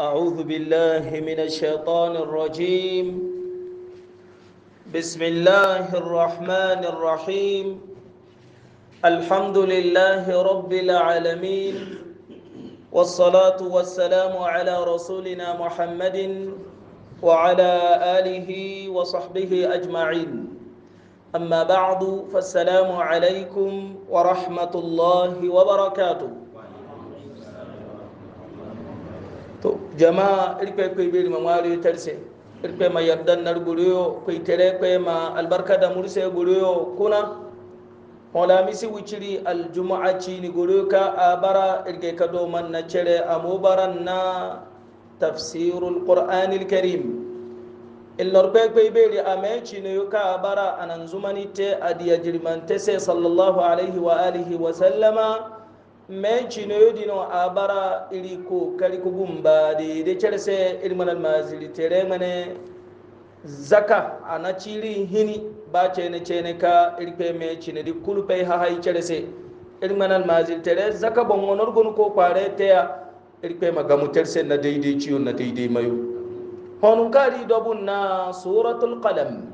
أعوذ بالله من الشيطان الرجيم بسم الله الرحمن الرحيم الحمد لله رب العالمين والصلاة والسلام على رسولنا محمد وعلى آله وصحبه أجمعين أما بعد فالسلام عليكم ورحمة الله وبركاته to jama'a irpe ko be ma wari tarse irpe ma yardan nar guriyo ko tere ko ma albarka da murse guriyo kuna wala misi wuciri aljuma'a cini guriyo ka abara irge ka do man na cere amubaran na tafsirul qur'anil karim illorbe gbe iberi ame cini yo ka abara anan zumanite adiya jirmante sallallahu alaihi wa alihi wa sallama mecino dino a bara iri kokari kugun ba da da carse ilman almaziri tere mane zaka ana na hini ba cene cene ka irpe mecino di kulpe ha hai carse ilman almaziri tere zaka bon wonor gun ko kware teya irpe magamu terse na daidai ciyo na daidai mayu honun kari dobun na suratul qalam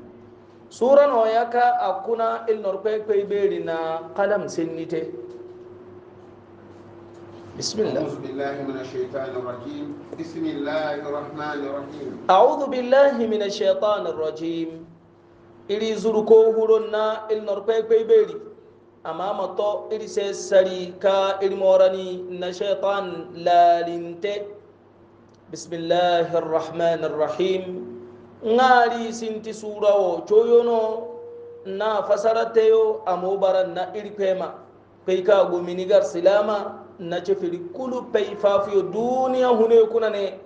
suran oyaka akuna ilnor kwekwe beri na qalam sinnite بسم الله أعوذ بالله من الشيطان الرجيم بسم الله الرحمن الرحيم أعوذ بالله من الشيطان الرجيم إلي زركو هرنا النربيك بيبيري أمام الطو إلي سيسري كا الموراني نشيطان لا لنتي بسم الله الرحمن الرحيم ngari sinti surawo coyono na fasarateyo amobaran na irpema kai ka gomini gar silama na cefiri kulu pay fafuyo duniya hune ne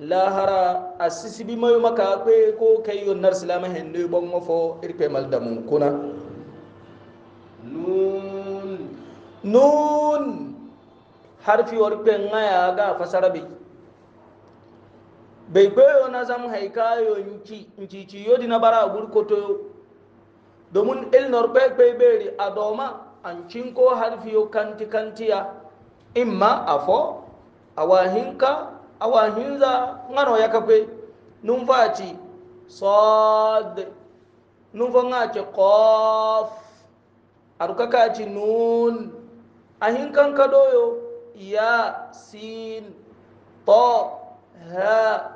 lahara a sisibi mayo maka kwe ko kayo nar silama hendo bon mafo irpe maldamun kuna nun nun harfi warpe ngaya ga fasarabi bai gbeyo na zam haikayo nkici yodi na bara gurkoto domin ilnor kwe kwe beri a doma an cinko harfiyo kanti kantiya imma afo awahinka awahinza ngano yakakwe numva ati sad numva ngati qaf arukaka ati nun ahinkan kadoyo ya sin ta ha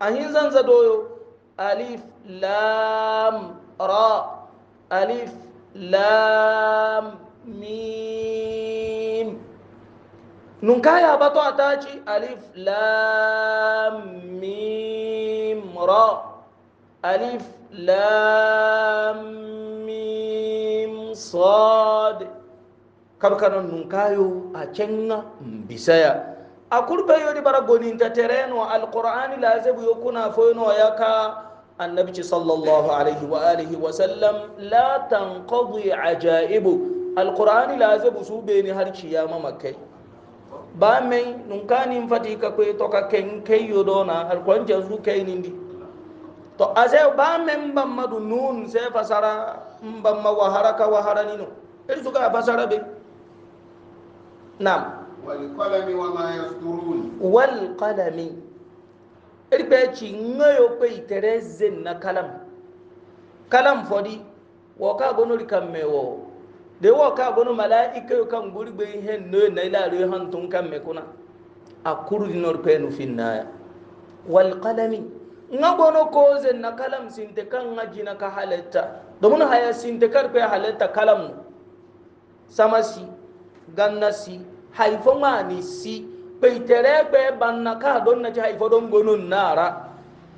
ahinzan zadoyo alif lam ra alif lam mim نكاية بطا تاجي ألف لام ميم را ألف لام ميم صاد كبكنا نكايو أجنة بسيا أقول بيو دي برغوني انت ترين والقرآن لازم يكون فين ويكا النبي صلى الله عليه وآله وسلم لا تنقضي عجائب القرآن لازم سوبيني هرشي يا مكي ba mai nunkanin fati ka kwe to ka ken kai yodo na har kwance su kai nindi to a sai ba mai ban madu nun sai fasara ban ma wahara ka wahara nino in su ka fasara be nam wal qalami wa ma yasturun wal qalami irpe ci ngayo pe iterezen na kalam kalam fodi wo ka gonori kan mewo da yawa ka gano mala'ika yau kan gurbe hen no na ilare hantun kan me kuna a kurdi nor pe no fin naya wal qalami nga gono ko zen na kalam sinte kan ngaji na ka halatta domin haya sinte kar pe halatta kalam samasi gannasi haifo mani si peitere pe banna ka don na ci haifo don gonon nara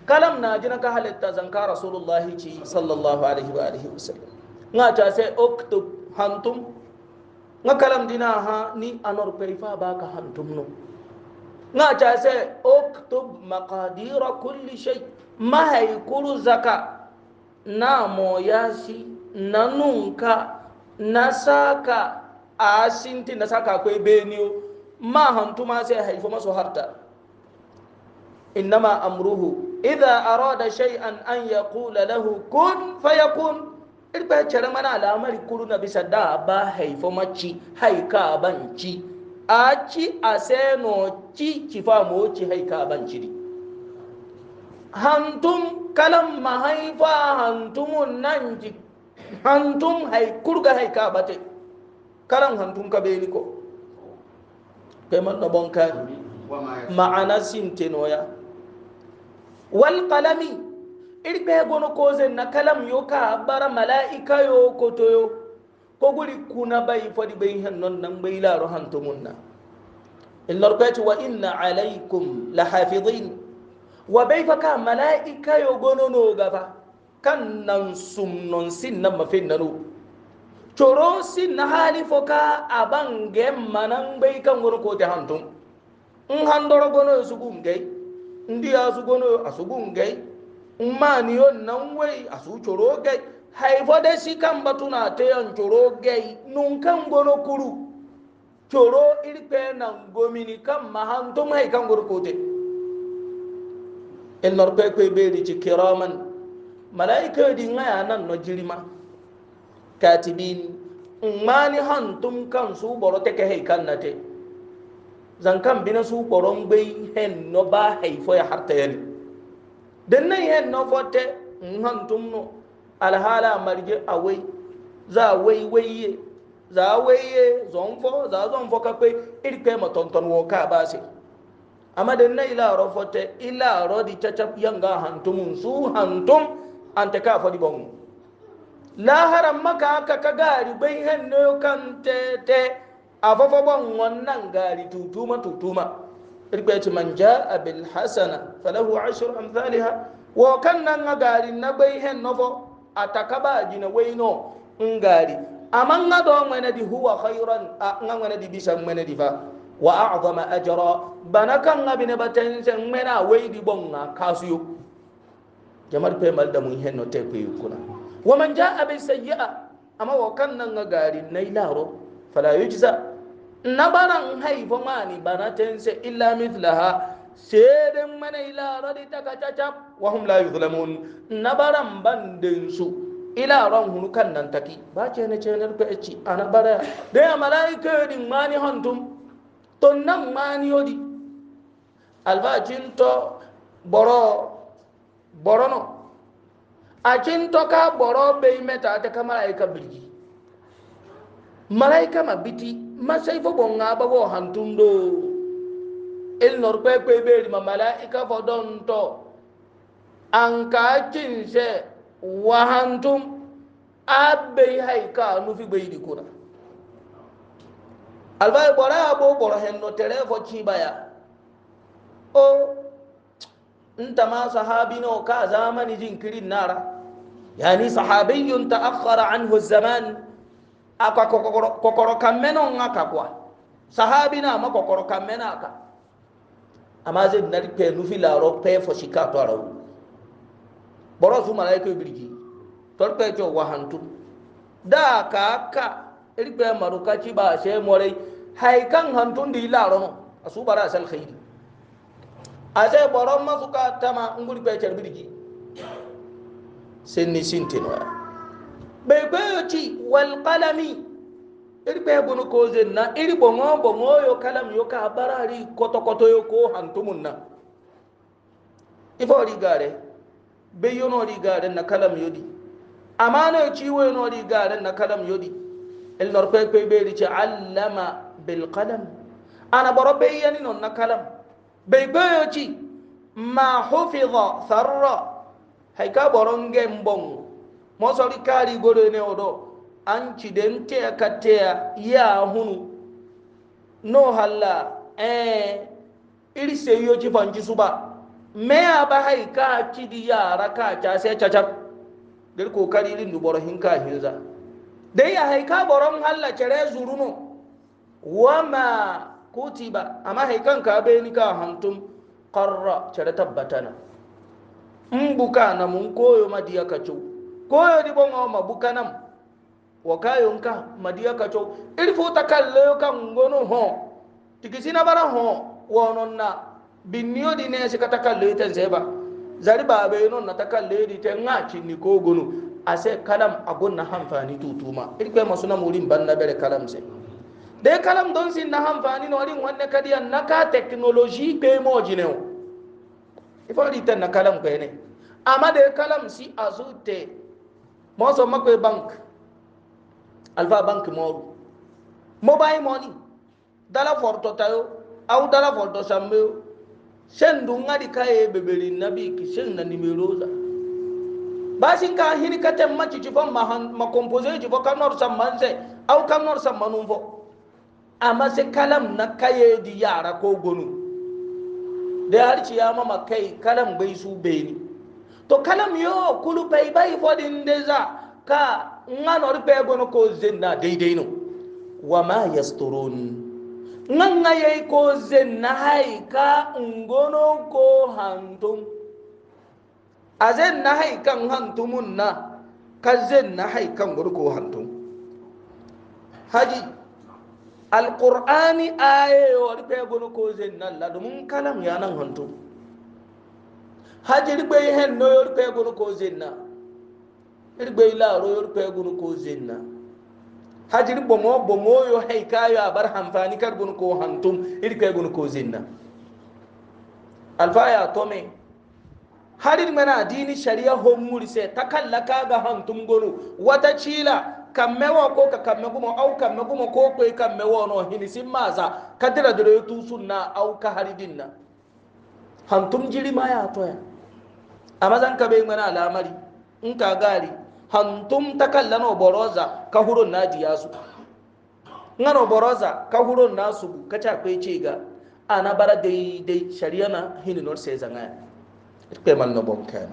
kalam na ji na ka halatta zanka rasulullahi ci sallallahu alaihi wa alihi wasallam nga ta sai oktub hantum nga kalam dina ha ni anor peifa ba ka hantum no nga cha se uktub maqadira kulli shay ma haykuru zaka na moyasi na nunka na saka a sinti na saka akwai beniyo ma hantuma sai haifu masu harta innama amruhu idza arada shay'an an yaqula lahu kun fayakun irba cere mana alamari kuru na bisa da ba haifo maci haika banci a ci a seno ci ki famo ci haika banci di hantum kalan mahaifa hantumun nan ki hantum haikur ga haika bate kalan hantum ka beni ko kai man da bonka ma'ana sintenoya wal qalami irbe gono koze na kalam yo ka bara malaika yo koto yo ko guri kuna bai fadi bai han non nan bai la ro han to munna illa rukati wa inna alaikum lahafidin wa bai faka malaika yo gono no gaba kan nan sum non sin nan mafin nanu coro sin na hali foka aban manan bai kan gono ko te hantum in han doro gono su gum gai ndi asu gono asu gum gai umani yon nan wai a su coro gai haifo dai shi kan batuna ta yan coro gai nun kan gono kuru coro irpe nan gomini kan mahantum hai kan gurkote in norpe kwe beri ci kiraman malaika di ngaya nan no jirima katibin umani hantum kan su boro teke hai kan nate zankan bina su boron bai hen no ba haifo ya harta yani dan nan hen no fotte han tumno alhala marje awai za wai waiye za waiye zonfo za zonfo ka pe iri pe ba se amma dan nan ila ro ila ro di chachap yanga han tumun su han ante ka fodi bon la haram maka aka ka gari bai hen no kan tete afofo bon wannan gari tutuma tutuma irgbeeti man jaa bilhasana falahu ashru amthaliha wo kan nan ŋa gaari nabei hen nofo ata kaba jina weyno n gaari ama ŋa do ŋmenedi huwa hayran a ŋa ŋmenedi bisa ŋmenedi fa wa acdama ajra bana kan ŋa bine batense ŋmena weydi bon ŋa kasuyo jamar pe mal damun hen no te kpeyi kuna waman jaa bisayi'a ama wo kan nan ŋa gaari nayi laaro fala yujza na baran haifa mani banaten se illa mithlaha seden mana ila radi taka caca wa hum la yuzlamun na baran bandin su ila ran hunu kan nan taki ba ce ne ce ne ko ci ana bara da ya malaika din mani hantum to nan mani yodi albajin to boro borono a cin to ka boro bai meta ta kamar aika birgi malaika mabiti masai fo bon nga ba go hantundo el nor pe pe be ma malaika fo don to an ka kinse wa hantum abe hay ka nu fi be di kuna alba bora abo bora hen no tere fo chi baya o nta ma sahabi no ka zamani jinkirin nara yani sahabiyun ta'akhkhara anhu zaman aka kokoro kammeno ngaka kwa sahabi na ma kokoro kammena aka amma zai nari pe nufi laro pe fo shika to arawu boro su malaika birji tor pe to wahantu da ka ka irbe maruka ci ba she more hay kan hantun di laro no asu bara asal khairi ase boro masuka tama nguri pe cerbirji sinni sintinoya bai bayoci wal qalami irbe bunu koze na iri bongo bongo yo kalam yo ka barari koto koto yo ko hantumun na ifo rigare bai yo no rigare na kalam yodi amana yo ciwo yo no rigare na kalam yodi el nor pe pe be rice allama bil qalam ana boro be yani non na kalam bai bayoci ma hufiza sarra hay ka boronge mbongo mosori kari goro ne odo an ci den te akatea eh, ya hunu no halla eh iri sai yo ci fanci su ba me ya ba hai ka ci di yara ka ta sai cacar dir kokari din du boro hinka hinza dai ya hai ka boron halla cere zuruno wama kutiba amma hai kan ka be ni ka hantum qarra cere tabbatana in buka na mun koyo madiya kacu koyo di bongo ma bukanam wakayo nka madiya kacho ilfo takalle ka ngono ho tikisina bara ho wononna binniyo di ne se katakalle ten seba zari babe non na takalle di ten nga cinni ko gono ase kalam agonna hanfani tutuma ilbe masuna murin banna bere kalam se de kalam don sin na hanfani no rin wanne kadiya naka technology pe mo jineo ifo ri ten na kalam ko ene amma kalam si azute moso makwe bank alfa bank mo, mobile money dala forto tayo au dala forto sambeyo sen du ngadi kaye bebeli nabi ki sen na nimeroza basin ka hini katem machi ci fon mahan ma compose ci fo kanor sammanse au kanor sammanun fo amma se kalam na kaye di yara ko gonu da har ciyama makai kalam bai su beni to kalam yo kulu pay bay fodin deja ka ngan or pe gono ko zenna dey dey no wa ma yasturun ngan ngay ko zenna hay ka ngono ko hantum a zenna hay kan hantumun na ka zenna hay kan gono ko hantum haji alqur'ani ayo or pe gono ko zenna la dum kalam yanan hantum hajiri gbe hen no yor pe gunu ko zinna ir gbe la ro yor pe gunu ko zinna hajiri bomo bomo yo hay kayo abar hanfani kar gunu ko hantum ir pe gunu ko zinna alfaya tome harir mana adini sharia homuri se takallaka ga hantum gunu wata chila kamme wo ko ka kamme gumo au kamme gumo ko ko kamme wo no hini simmaza kadira dole tu sunna au ka haridinna hantum jiri ma ya toya amma zan ka bai mana alamari in ka gari hantum ta kallano boroza ka hurun na diya su ngano boroza ka hurun na su ka ta ce ga ana bara daidai shari'a na hininor sai zanga ya kai mal no bon kan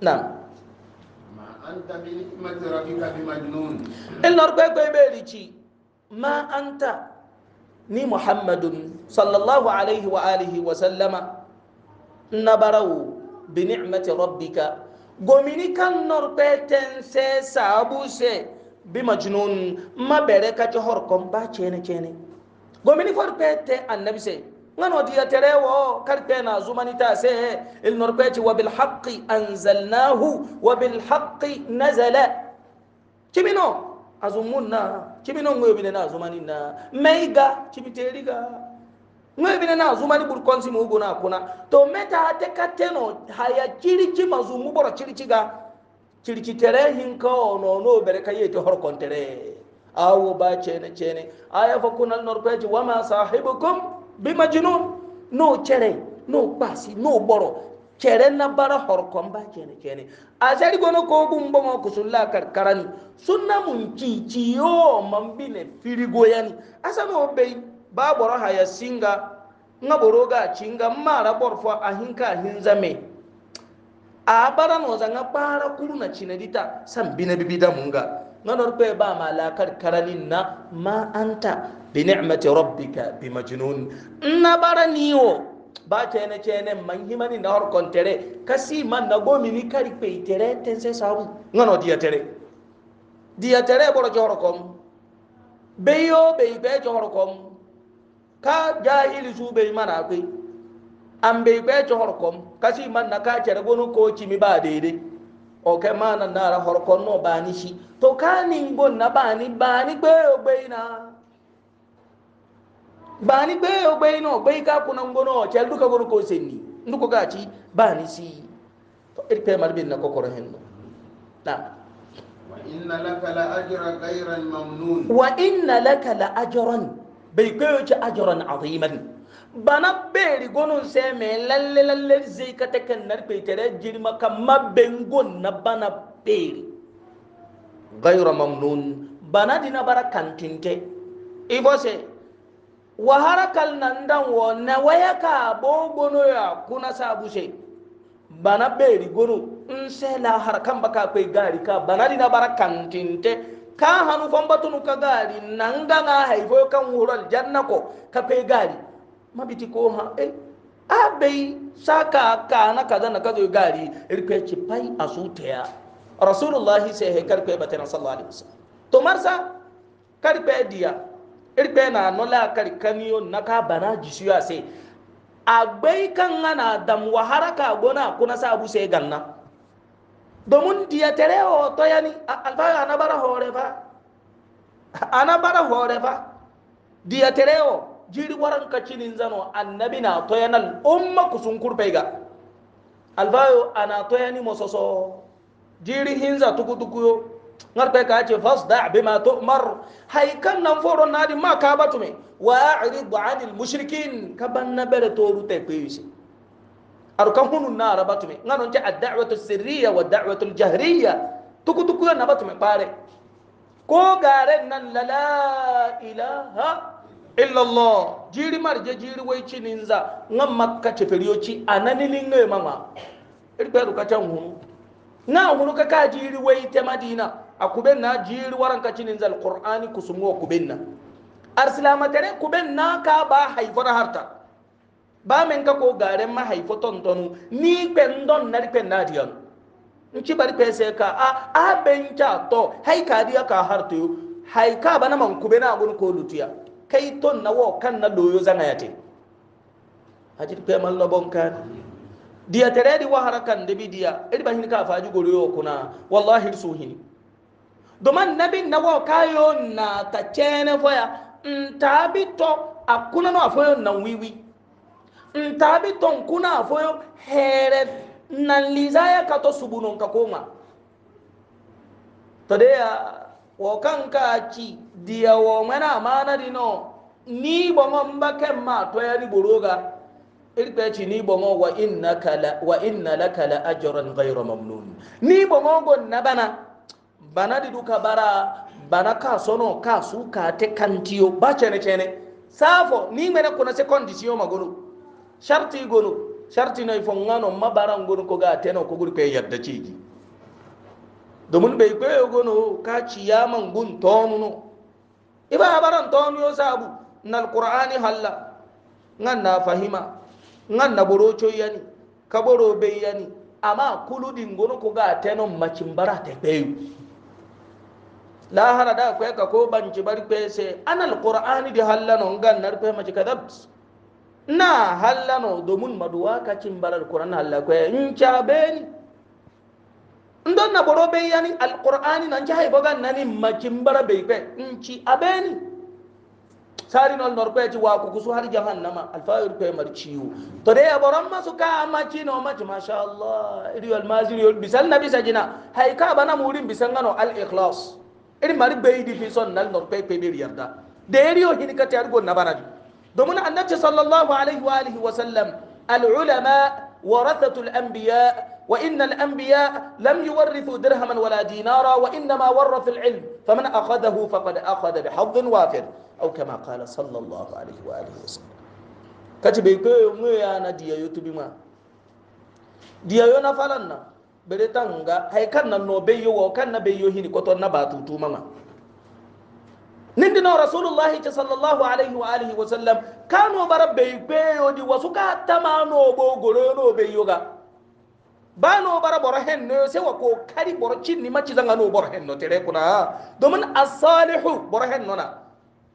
na ma anta bi nikmati rabbika bi majnun il nor kai kai be rici ma anta ni muhammadun sallallahu alaihi wa alihi wa sallama na barawo bi ni'mati rabbika gomini kan norpe ten se sabu se bi majnun ma bere ka ci horkom ba cene cene gomini forpe te annabi se ngano diya tere wo karpe na zumani ta se il norpe ci wa bil haqqi anzalnahu wa bil haqqi nazala cibino azumunna cibino ngoyobine na zumani na meiga cibiteri ŋoy bine na zumani bur konsi mu guna kuna to meta hate kateno haya cirici mazu mu boro cirici ga cirici tere hinka ono no bere kaye to hor kontere awo ba chene chene aya fa kunal norpeji wama sahibukum bimajnun no chere no pasi no boro chere na bara hor kon ba chene chene asari gono ko bum bomo kusulla karkarani sunna mun ci ci yo mambine firigo yani asano be ba boro haya singa nga boro ga mara borfo ahinka hinka hin zame a bara no zanga bara kuru na cinadita san bina bibida munga nga norpe ba ma la na ma anta bi ni'mati rabbika bi majnun na bara niwo ba cene cene man himani na hor kontere kasi man na gomi ni kari pe itere tense sabu nga no dia tere dia tere boro joro kom beyo be be ka jahili su bai mana kai an bai bai ci horkom kasi man na ka cere gonu ko ci mi ba daidai o kai ma nan na horkon no ba ni shi to ka nin gon na ba ni ba ni gbe o gbe na ba ni gbe o gbe na gbe ka kunan gono o cel duka gonu ko senni nduko ga ci ba ni si to irpe mal bin na kokoro hen no na wa inna laka la ajran ghayra mamnun wa inna laka la ajran bai kayo ci ajaran aziman bana beri gonun sai mai lalle lalle zai ka takan narfe tare jirma kamar bengon na bana beri gaira mamnun bana dina bara kantinte ibo se waharakal nan dan wo waya ka bogono ya kuna sabu se bana beri gono in sai la harkan baka kai gari ka bana dina bara kantinte ka hanu famba tunu gari nanga nga haifo kan wural janna ko ka pe gari mabiti ko ha eh abai saka ka na kaza na kazo gari irpe ci pai asutaya Rasulullahi sai he karpe batana sallallahu alaihi wasallam to marsa karpe dia irpe na nola karkaniyo na ka bana jisuya sai agbai kan ana dam waharaka gona kuna sabu sai ganna domin diya tare hoto ya ni alfahari ana bara hore fa ana bara hore fa diya tare o jiri waran kacinin zano annabi na toyanal umma kusun kurfai ga alfayo ana toyani mososo jiri hinza tukutukuyo ngarpe ka ce fasda bima tu'mar hay kan nan foro nadi ma ka batume wa a'rid 'anil mushrikin kaban na bere rute te peyisi arukan hunun na araba tume ngano nche ad-da'watu sirriya wa ad-da'watu al-jahriya tuku tuku na batu me pare ko gare nan la la ilaha illa allah jiri marje jiri wai chininza ngam makka che periochi anani linge mama irbe ruka tan hunu na hunu ka ka jiri wai te madina akuben na jiri waran ka chininza al-qur'ani kusumu akuben arsilama tere kuben ka ba haifar harta ba men ka ko garen mahaifo tontonu ni kwen don na kwen na diyan nci bari pese ka a a ben ka to hai ka diya ka harto hai ka bana man kube na gun ko lutiya kai ton na wo kan na doyo zanga yate hajir pe man lobon kan diya tere di wahara kan debi diya edi bahin ka faji goro yo kuna wallahi suhini domin nabi na wo kayo na ta chene foya ntabi mm, to akuna no afoyo na wiwi ntaabi ton kuna foyo heere nan lisaya kato subunonka koma todeya wo kan ka ci diya wo mana mana dino ni bomo mbake ma toyani boroga irpe ci ni bomo wa innaka la wa inna laka la ajran ghayra mamnun ni bomo go nabana bana didu ka bara bana ka sono ka su ka te kantiyo ba chene chene safo ni mena kuna se condition magolo sharti gonu sharti na ifon ngano mabaran gonu ko ga teno ko gurpe yadda cigi domin bai kwaye gonu ka ciyaman gun tonu no iba baran tonu yo sabu na Qurani halla ngan na fahima ngan na borocho yani ka boro bai yani amma kuludin gonu ko ga teno macimbara te peyu lahara da kwaye ka ko banci bari kwaye sai an alqur'ani di halla no ngan narpe maci na hallano domin maduwa kacin barar kuran halakwai in cabe ni ndon na boro bai yani alqur'ani nan ci haibo gan nani makin bara bai kwe in ci abeni sari nol nor kwe ci wa ku kusu har jahannama alfayir kwe mar ciwo to dai aboran masu ka maci no maci masha Allah iri wal maziri yol bisal nabi sajina hay ka bana murin bisan gano al ikhlas iri mari bai di son nal nor kwe kwe bi yarda da yari yo hinikati argo na bana دومنا النبي صلى الله عليه وآله وسلم العلماء ورثة الأنبياء وإن الأنبياء لم يورثوا درهما ولا دينارا وإنما ورث العلم فمن أخذه فقد أخذ بحظ وافر أو كما قال صلى الله عليه وآله وسلم كتبي كي إيه، ميا ندي يوتيوب ما دي يونا فلنا بريتانغا هاي كان نو وكان بيو هني كتو نباتو توما نندنا رسول الله صلى الله عليه وآله وسلم كانوا برب بيو دي وسكا تمانو بوغورونو بيوغا بانو برا برهن سوى كو كاري برشي نما تزنغانو برهن تريكونا دومن الصالح برهن نونا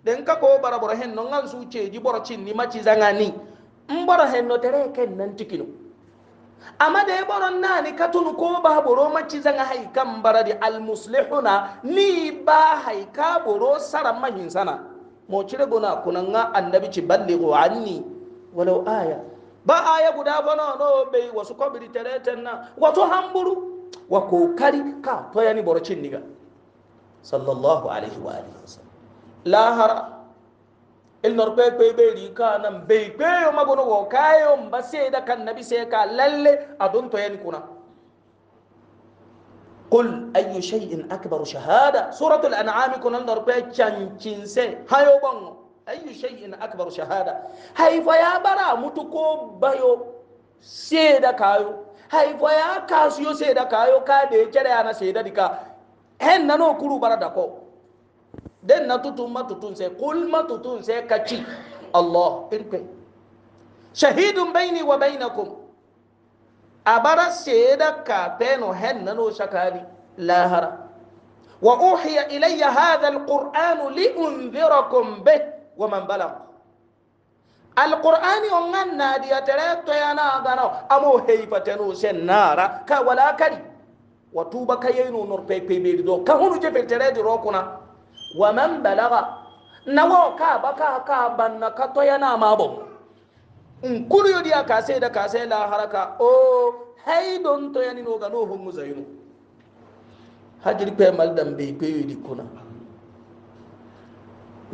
دنكا كو برا برهن نونغان سوچه جي برشي نما تزنغاني مبرهن تريكن ننتكينو amma da ya baron na ni katun ko ba boro maci zan haikan baradi almuslihuna ni ba haika boro saran mahin sana mo cire gona kunan ga annabi ci ballighu anni walau aya ba aya guda bano no be wasu kobiri tereten na wato hamburu wa kokari ka to yani boro cin niga sallallahu alaihi wa alihi wasallam lahara ilnor kwe kwe be ri ka nan be kwe yo magono go kayo mba sai da kan nabi sai ka lalle adun to yan kuna qul ayyu shay'in akbaru shahada suratul an'am kunan nor kwe chanchin sai hayo bon ayyu shay'in akbaru shahada haifa ya bara mutu ko bayo sai da kayo haifa ya kasiyo sai da kayo ka da ya kere ana sai da dika hen nano kuru bara da ko den na tutun ma tutun sai kul ma tutun sai ka ci Allah irpe shahidun baini wa bainakum abara seda ka peno hen nano shakali lahara wa uhiya ilayya hadha alquran li unzirakum bih wa man balagh alqur'ani on ganna diya tere to yana gano amo heifateno sen nara ka wala kari wa tuba kayenu nor pepe be do ka tere di rokuna wa man balaga nawa ka ba ka ka ban na ka to yana ma bon in kuriyo dia ka sai da ka sai la haraka o hay don to yani no ga no hu muzayinu hajir pe mal dan be pe yi kuna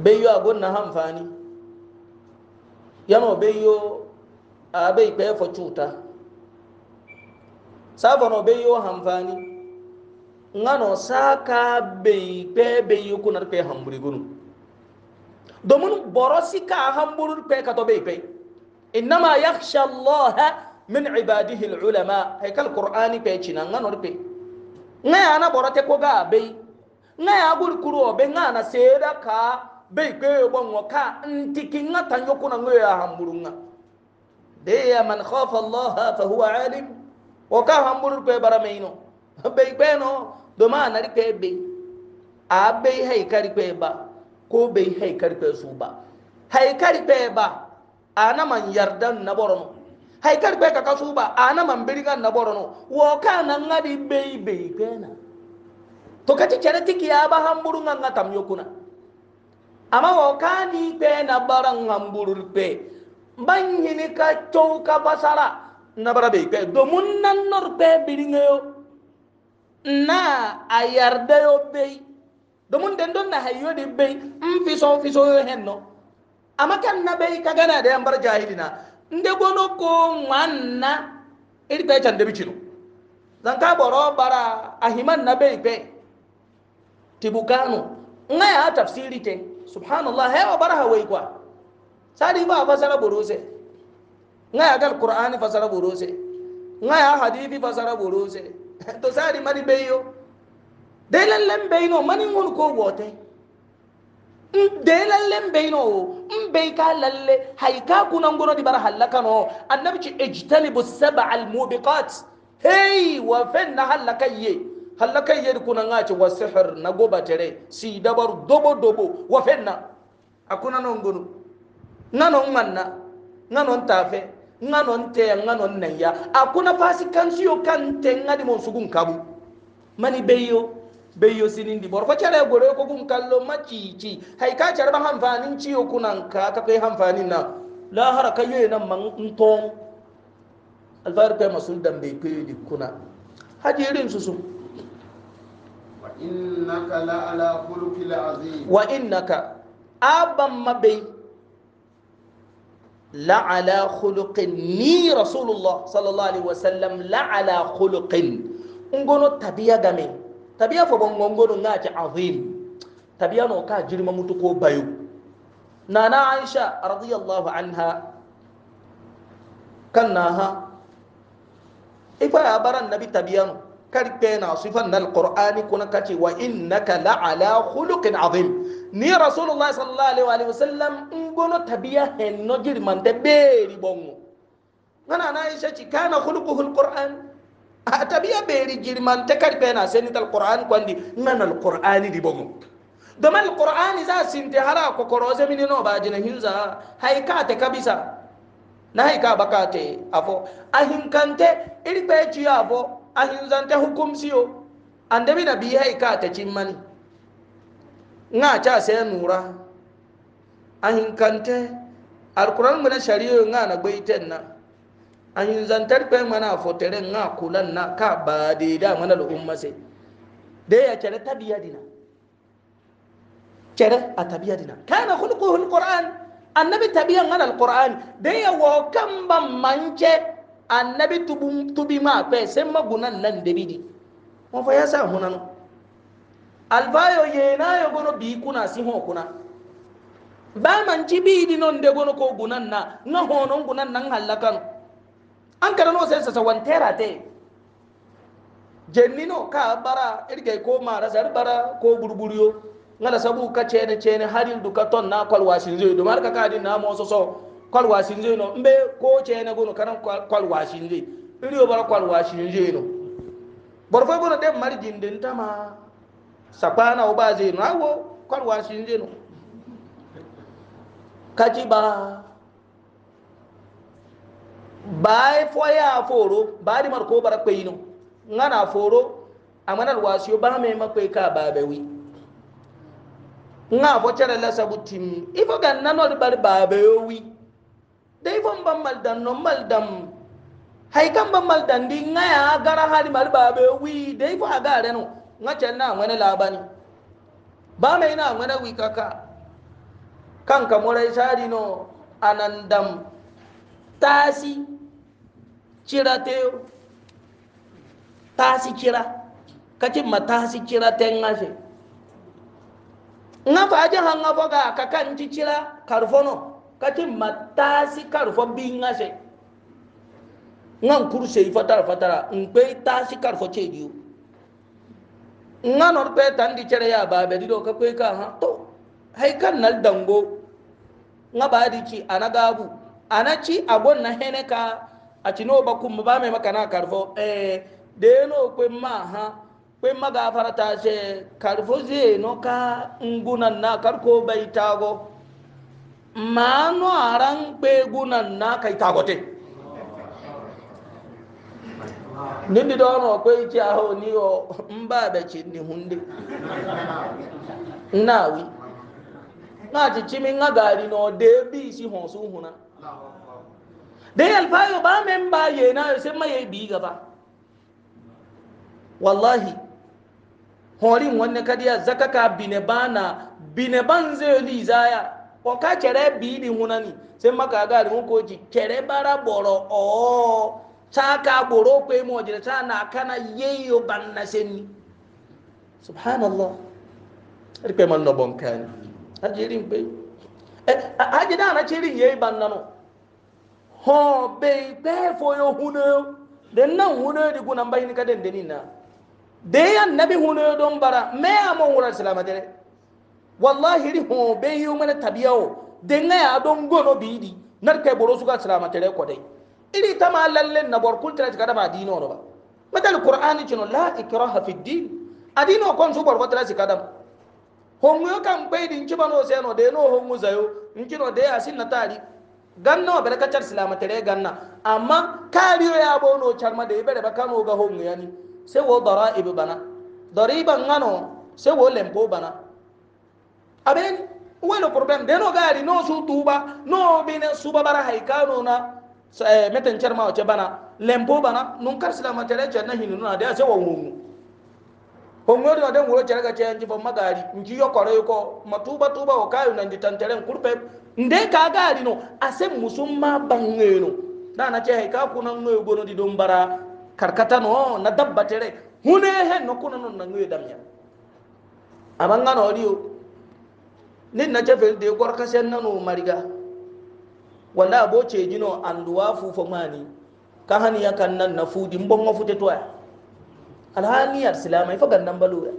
be yo agon na hamfani yano be yo a be pe fo cuta sabon be yo hamfani ngano saka bei pe bei yuku nar pe hamburi gunu domin borosi ka hamburu pe ka to bei pe innama yakhsha allah min ibadihi alulama hay kal qur'ani pe china ngano pe ngaya na borote ko ga bei ngaya gul kuro be ngana seda ka bei pe bongo ka ntiki ngata yoku na ngoya hamburu nga de man khafa allah fa huwa alim wa ka hamburu pe barameino bai bai no doma na rike bai a bai haikar bai ba ko bai haikar bai su ba haikar bai ba a man yardan na borno haikar bai ka kasu ba a na man birgan na borno wo ka na ngadi bai bai bai na to kati kere tiki ya ba hamburu nga ngatam yokuna ama wo ka ni bai na baran hamburu bai ban yini ka chou basara na bara bai bai domun nan nor bai biringa na a yarda yo bai domin dan na hayyo da bai in fi son fi so yo mm, henno amma kan na bai ka gana da yan bar jahilina inde gono ko wanna iri ta can da bicino zan ka boro bara ahiman na bai bai tibukano nga ya tafsiri te subhanallah hewa bara hawai kwa sadi ba fasara borose nga ya gal qur'ani fasara borose nga ya hadithi fasara borose to sari mari beyo dai lallen beino mani ngun ko gote dai lallen beino in bai ka lalle haika kunan gona di bar halaka no annabi ci ijtanibu sab'al mubiqat hey wa fen na halakayye halakayye kunan ngaci wa sihr na goba tere si dabar dobo dobo wa fen akuna non gono nanon manna nanon tafe nga non te nga non nan ya akuna fasi kansu yo kan te nga di mon sugun kabu mani beyo beyo sinin di bor ko chare gore ko gun kallo macici hay ka ba ban hanfanin ciyo kunan ka ka kai hanfanin na la haraka yoy nan man nton alfar kai masul dambe kai di kuna hajirin susu wa innaka la ala khuluqil azim wa innaka abam mabai لعلى خلق ني رسول الله صلى الله عليه وسلم لعلى خلق ngono tabia game tabia fo bongo ngono ngati azim tabia no ka jirma mutu ko bayu nana aisha radiyallahu anha kannaha ifa ya baran nabi tabia no karpe na sifan al qur'ani kuna kace wa innaka la'ala khuluqin azim ni rasulullah sallallahu alaihi wasallam ngono tabia hen no jirman de beri bongo nana na aisha ci kana khuluquhul qur'an a tabia beri jirman te kar pena seni tal qur'an kwandi nana al qur'ani di bongo dama al qur'ani za sinte hala ko koroze mini no ba jina hinza haikate kabisa na haika bakate afo ahinkante iri be ci afo ahinzante hukum siyo andebi nabi haikate cimmani nga cha sai nura ahin kante alquran mana shari'a nga na baiten na ahin zantar pe mana fotere nga kulan na ka ba de da mana al'umma sai da ya kere tabiya dina kere a tabiya dina kana khulquhu alquran annabi tabiyan ngana alquran da ya wo kan ban mance annabi tubum tubima pe sai magunan nan da bidi mun fa ya sa hunanu alfayo yenayo gono bi kuna si ho kuna ba man ci bi di non de gono ko gunan na na ho non gunan nan halakan an kana no sai sa wantera te jennino ka bara irge ko mara zar bara ko burburiyo ngala sabu ka cene cene haril du ka ton na kwal wasin zai do marka ka din na mo so so kwal wasin zai no mbe ko cene gono kanan kwal wasin zai iriyo bara kwal wasin zai no borfo gono de mari jindin tama sapana o ba zenu awo kɔri waa sin zenu kati baa baa fɔya foro baa di mari ko bara kpɛyi no na foro a ŋmana waasiyo baa mɛ ma kpɛyi kaa baa bɛ wi ŋa fɔ kyɛrɛ la sabu tim ifo ka nanɔri bari baa bɛ wi de ifo ba mali dan nɔ mali dam hayi kan ba mali dan di ŋa gara hali mari baa wi de ifo a gaarɛ no nga can na ngwene labani ba mai na ngwene wikaka kan ka morai sari no anandam tasi cira teo tasi cira kacin ma tasi cira ten ngase nga fa aje hanga foga kakan ci cira karfono kacin ma tasi karfo bi ngase ngan kurse fatara fatara nkwe tasi karfo ce nganor pe tandi chere ya ba be dido ka pe ka ha to hay kan nal dango nga ba di ci anagabu anaci agon na hene ka acino ba kum ba me makana karfo eh de no pe ma ha pe maga farata se karfo ze no ka ngunan na karko bai tago ma no aran pe gunan na kai tagote ndị dị ọrụ ọkwa iji ahụ n'ihe mba abachi ndị hụ ndị nnawi na-achịchị mi nga gari na ọdọ ebe isi hụ ọsọ hụ na daniel bayo ba me mba ye na yose ma ye bi gaba wallahi horin wanne ka Bineba na Bineba bine ban zai li zaya ko ka kere bi ni hunani sai maka gari o ji Chere bara boro o taka boro kwe mojira ta na kana yeyo banna senni subhanallah rikpe man no bon kan ajirin pe eh, aje da na chirin yeyi banna no ho be be fo yo huno den nan huno di gunan bayni kaden denin de ya nabi huno don bara me amon wura salama wallahi ri ho be yo mana tabiyawo den ya don gono bidi narkai boro suka salama ko dai iri ta ma lalle na bor kun tare kada ba dino ro ba matal qur'ani cino la ikraha fi din adino kon su bor ko tare kada hongo kan bai din ci bano sai no de no hongo zayo in kino de asin na tari ganno bere ka char silama tare ganna amma kariyo ya bono charma de bere ba kano ga hongo yani sai wo dara'ib bana dariban ngano sai wo lempo bana aben wani problem de no gari no su tuba no bine suba bara haikano na Eh, meten charma wace bana lempo bana nun kar silama tere ce na hinu na da ya sewa wongu hongo da dan wuro cerega ce nji fon magari nji yo kore ko matuba tuba o kayu nan ditan tere kurpe nde ka gari no ase musumma bangeno da na ce ka kuna ngoy gono di don bara karkata no na dabba tere hune he no kuna non na ngoy damya abanga no riyo nin na ce fe de gorka sen nanu mariga Wanda bo ce jino anduwa fu fo mani ka hani ya kan nan na fudi mbon wa fute toya alhani ya silama ifa gandan balo ya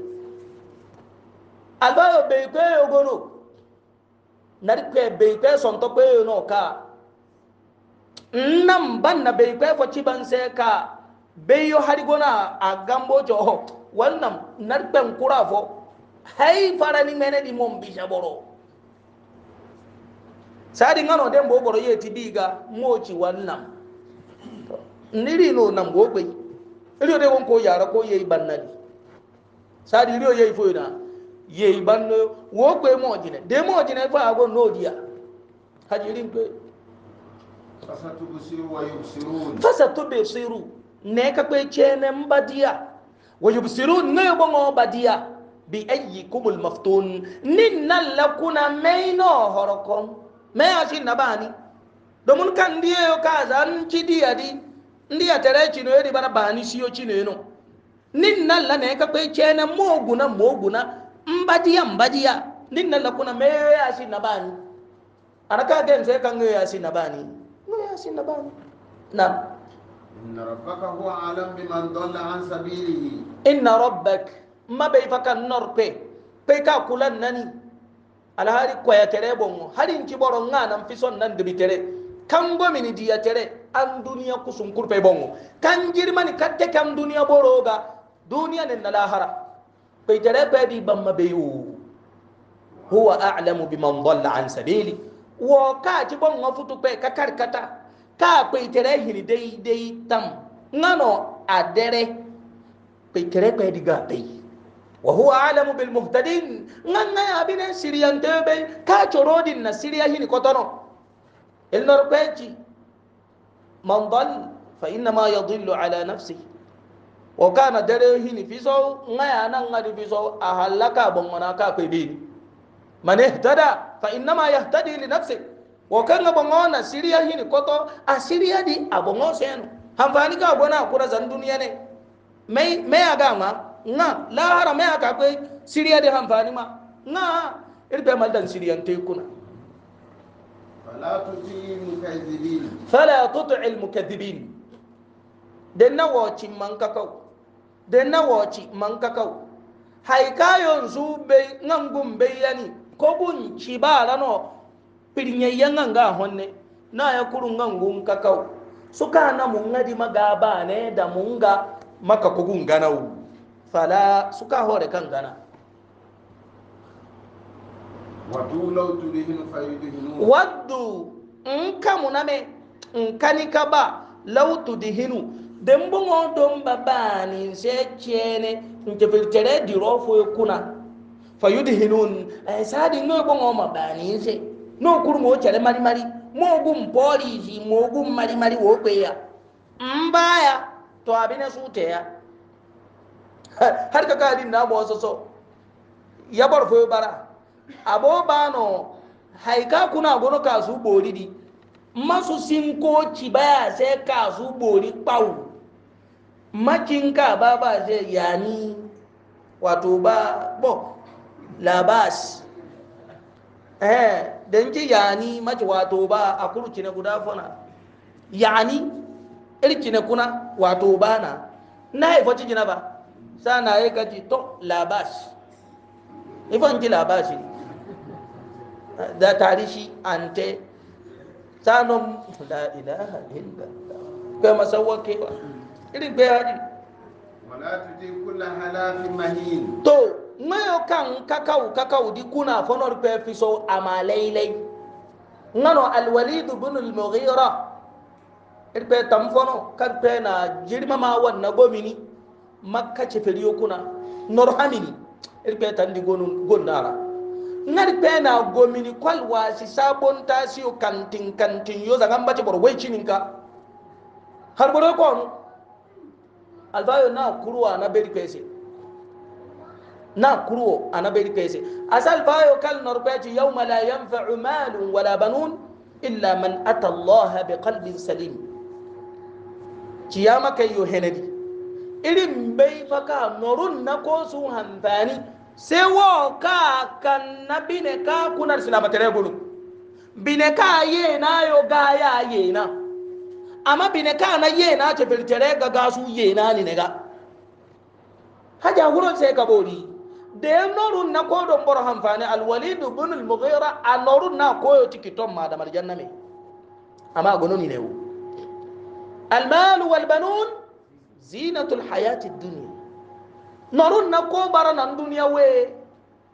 albayo be ko yo gono nari pe be pe son to pe yo no ka nan ban na be pe fo ciban se ka be yo hari gona a gambo jo wannan nari pe nkura fo hay farani mene di mom bi jaboro sadi ngano den bo boro yeti diga moci wannan niri no nan bo gbe rio de won ko yara ko yeyi bannadi sadi rio yeyi fo na yeyi banno wo gbe mo jine de mo jine fa ago no dia haji rin pe fasatubsiru wa yubsirun fasatubsiru ne ka pe chene mbadia wa yubsirun ne bo ngo badia bi ayyikumul maftun ninna lakuna mayno horokom maya shi na bani domin kan diye yo ka zan ci diya di ndiya tere ci no yedi bana bani siyo ci no no nin nan la ne ka kwe chena mo guna mo guna mbadiya mbadiya nin nan la kuna me ya shi na bani anaka gen sai kan ya shi na bani ya shi na na inna rabbaka huwa alam biman dalla an sabilihi inna rabbak mabai fakan norpe pe ka kulan nani alhari kwaya tere bongo hari nki boro nga nan fi son nan dubi tere kan go mini diya tere an duniya kusun kurpe bongo kan girmani katte kan duniya boro ga duniya ne na lahara bai tere bai bi bamma bai wu huwa a'lamu biman dalla an sabili wo ka ti bongo futu pe ka karkata ka bai tere hini dai dai tam ngano adere bai tere bai diga bai وهو أعلم بالمهتدين نعم ما أبينا سيريان تيبي كاتشو سيريا هيني كوتونو النربيجي من ضل فإنما يضل على نفسه وكان دري هيني في سو نعم نعم نعم في سو أهلاكا بمناكا في بين من اهتدى فإنما يهتدي لنفسه وكان بمنا سيريا هيني كوتو أسيريا دي أبو موسينو هم فانيكا بنا كورا زندونيا ني مي مي أغاما nga la harama ya ka kwe siriya da amfani ma nga irbe maldan siriyan te kuna fala tuti al mukadhibin den na woci man kakau den na woci man kakau hay kayon zu be ngangum be yani ko bun ci no pirnye yanga nga honne na ya kurun ngangum kakau suka na mun ngadi magaba ne da munga maka kugun ganau fala suka hore kan gana waddu in ka muname in kani ka ba lautu dihinu den bongo don babani se chene nke filtere di rofo kuna fayudhinun eh sadi no bongo mabani se no kuru mo chere mari mari mo gum poli ji mo gum mari mari wo kweya mbaya to abine sute ya har ka kadin na bo so ya bar foyo bara abo bano haika kuna gono kasu bori di masu sinko ci baya sai kasu bori pau macinka ba ba sai yani wato ba bo labas eh dan ki yani maci wato ba a kurki na guda fona yani irki na kuna wato ba na na haifa ciki na ba sana ya kaci to labash ifan ki labashi da tarishi ante sanon la ilaha illa kai masawake wa irin bai hari wala tuti kula halafi mahin to ŋayo kaŋ kakaw kakaw di kuna fonor pe fiso ama laylay ŋano alwalid bnu lmughira ir pe tam fono kar pe na jirma ma wanna gomini makka ceferiyo kuna nor hamini ir kpe tandi gonnara ngar kpe na gomini kwal wasi sabon tasiyo kantin kantin yo zagan bace bor wai cininka har boro konu alfayo na kuruwa na beri kpese na kuruwo ana beri kpese asal fayo kal nor kpeci yawma la yanfa'u malun wala banun illa man ata allaha biqalbin salim ciyama kay yo irin bai faka norun na ko su hantani sai wo ka kan na bine ka kunar silamatare gulu bine ka ye na yo ga ya ye na amma bine ka na ye na ce filtere ga ga su ye na ni ne ga haja gurin sai ka bori da ya norun na ko don hanfani alwalid ibn al a norun na koyo tikiton ma da marjanna me amma gono ni ne wo المال والبنون zinatul hayati dunya norun na ko bara nan duniya we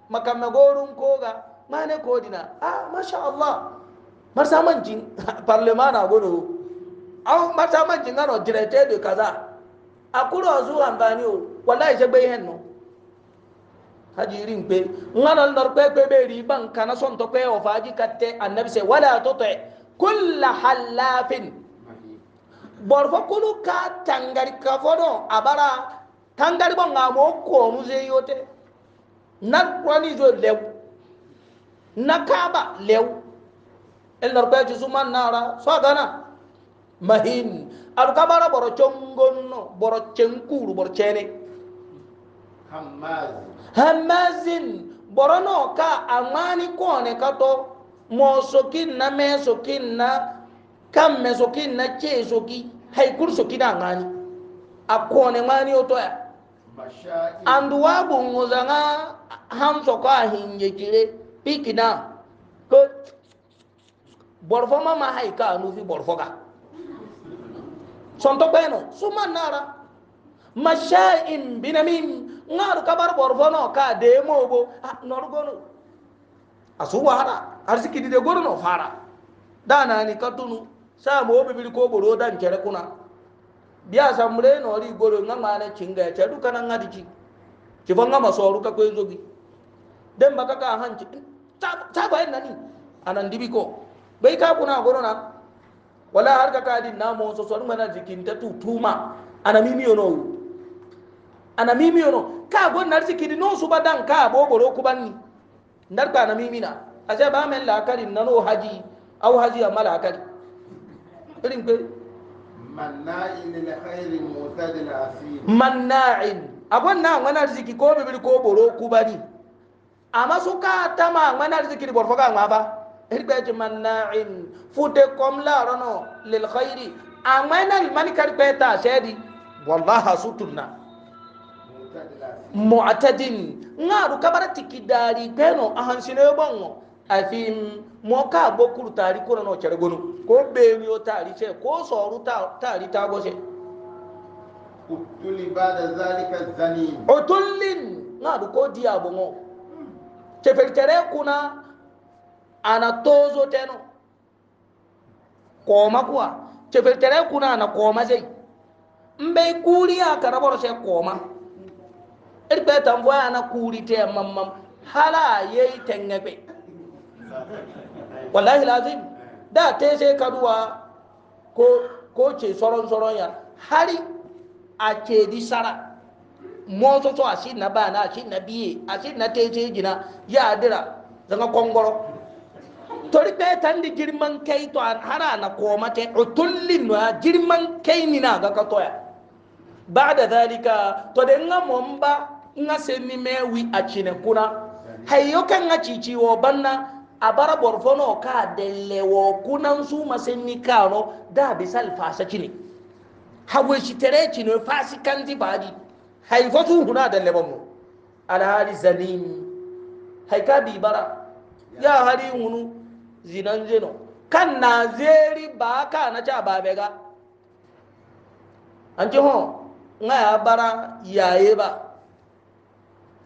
makam na gorun koga mane kodina ah masha Allah marsa man jin parlement na godo aw marsa man jin ngano direte de kaza akuro zu ambani o wallahi je gbe hen no haji rin pe ngano ndor pe pe be ri ban kana son to pe o faji katte annabi se wala tote kullu halafin borfo kulu ka tangari kafodo abara tangari bo ngamo ko muze yote na kwani zo lew na kaba lew el narba juzuma nara so gana mahin al kabara boro chongonno boro chenkuru boro chene hamazin hamazin boro no ka amani kone kato mosokin na mesokin na kam me soki na ce soki haikul soki da ngani a kone ngani oto ya anduwa bungu zanga ham soko a hinje kire piki na ko borfo mama ma haika anufi borfo ka sonto beno suma nara masha'in binamin ngaru kabar borfo no ka de bo norgono asu wahara arziki de gorno fara dana ni katunu sa mo bibili ko boro dan kere kuna biya samre no ri goro nga mane cinga ya cedu kana ngadi ci ci fa nga masoru ka koy zogi dem baka ka hanci ta ba nani anan dibi ko bai ka kuna goro na wala har ka kadi na mo so so mana jikin ta no su badan ka bo boro na mimi na ase haji au haji amala ó ní pé. manna'in abun na ngwana arziki ko bibiri ko boro ku bani amma su ka tama ngwana arziki ni borfo ka ngwa ba irgbeji manna'in fute kom laaro no lil khairi angwena limani kari peta shedi wallaha sutunna mu'tadin ngaru kabara tikidari peno ahansine bongo afihim mo ka bo kuru tari kuna no care gonu ko be yo tari ce ko soru tari ta goshe utuli bada zalika na du ko mo ce kuna ana tozo teno koma kuwa ce kuna ana koma zai mbe kuri a karabor sai koma irbe tamboya na kuri te mamam hala yayi tengebe wallahi lazim da te sai ka ko ko ce soron soron ya hari a ce di sara moto to ashi na ba na ashi na biye ashi na te sai gina ya dira zanga kongoro tori pe tandi girman kai to hara na komate utullin wa girman kai ni na ga ka toya bada dhalika tode nga momba nga semi mewi achine kuna hayo kan nga chichi banna abara borfono ka delewo kunan su masenni karo da bisal fasaki ne hawe shi tere ci ne fasikanti baji haifatu huna da leban mu alhali zalim haika bi bara ya hari hunu zinan zeno kan na zeri ba ka na ca ba bega an ci hon nga ya bara yaye ba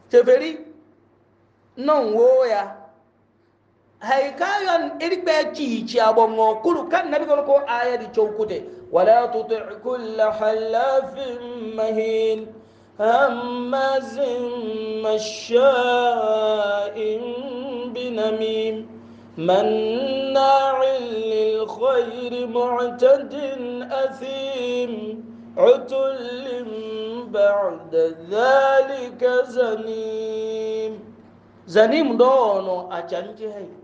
teferi nan woya هيكايا إرقى تيجي أبو موكل كان نبي قال قالكو آية دي شوكوتي ولا تطع كل حلاف مهين هماز مشاء بنميم مناع للخير معتد أثيم عتل بعد ذلك زنيم زنيم دونو أجنجي هيك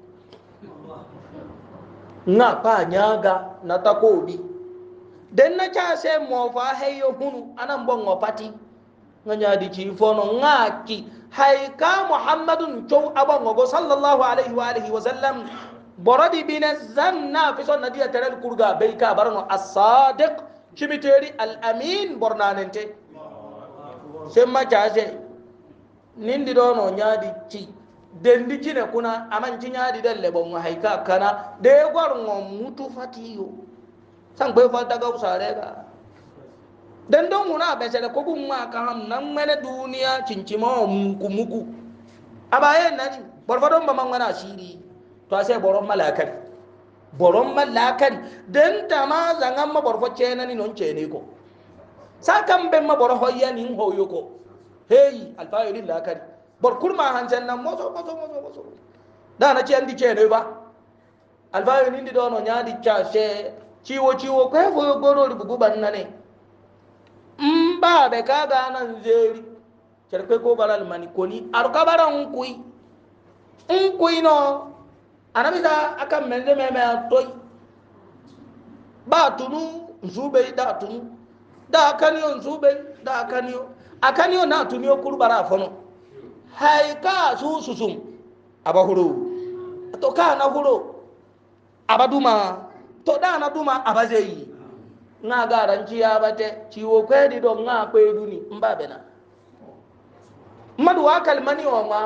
nga pa nyaga na takobi den na cha se mo fa heyo hunu anan bon ngo pati nga nyaadi ci fono nga ki hay ka muhammadun chow abon sallallahu alaihi wa alihi wa sallam borodi bine zanna fi son nadiya terel kurga be ka barno as-sadiq cimiteri al-amin bornanente semma cha se nindi do no nyaadi ci dendi cine kuna aman ciñaadi den leɓon hayka kana de gorgo mutu fatiyo san kpe fa dagaw sarega den don huna ɓesere kogumma ka ham nan mene duniya cincimao muku muku abaye nani bor fa ɗon bama mana siri to a se boron malakari boron malakari den tama zangamma bor fo cenani non ceni ko sa kam ɓen ma boro hoyyanin hoyo ko heyi lakari bor kurma hanjan nan moso moso moso moso da na ci andi ce ne ba alfayo nindi do no nyaadi cha she ciwo ciwo ko ko goro ri bugu banna ne mba be ka ga nan zeri cerke ko baral mani koni aru ka baran kui in kui no anabisa aka mende meme toy ba tunu zube da tunu da kanio zube da kanio akanio na tunio kurbara fono hay ka su susum aba huro to ka na huro aba duma to da na duma aba zai na ga ranci ya bate ciwo kwedi don na kwe duni mba bena madu wa kalmani wa ma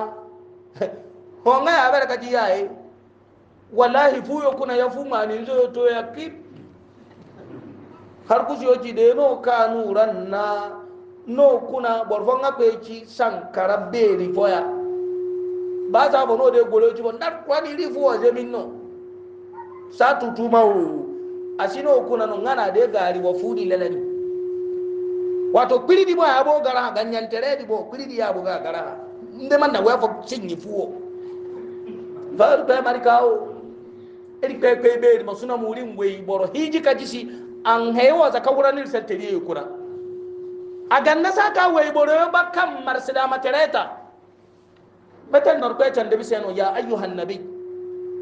ho nga ya bara kati yae wallahi fuyo kuna ya fuma ni nzo to ya kip har kusi yoji de no kanuran na no kuna borfo nga kwe chi sankara beri foya ba sa bo no de golo chi bon dar kwa ni ri fo je minno sa tutu ma o asino kuna no na de gari wo fudi lelani wato kwiri di bo ya bo gara ga nyantere di bo kwiri di ya bo ga gara nde man na we fo chinyi fuo ba ru pe mari kawo eri pe pe beri masuna muri ngwe boro hiji si an hewa zakawura nil senteriye kura aganna saka wayboro bakkam marsida matereta betel norpe chande biseno ya ayyuhan nabi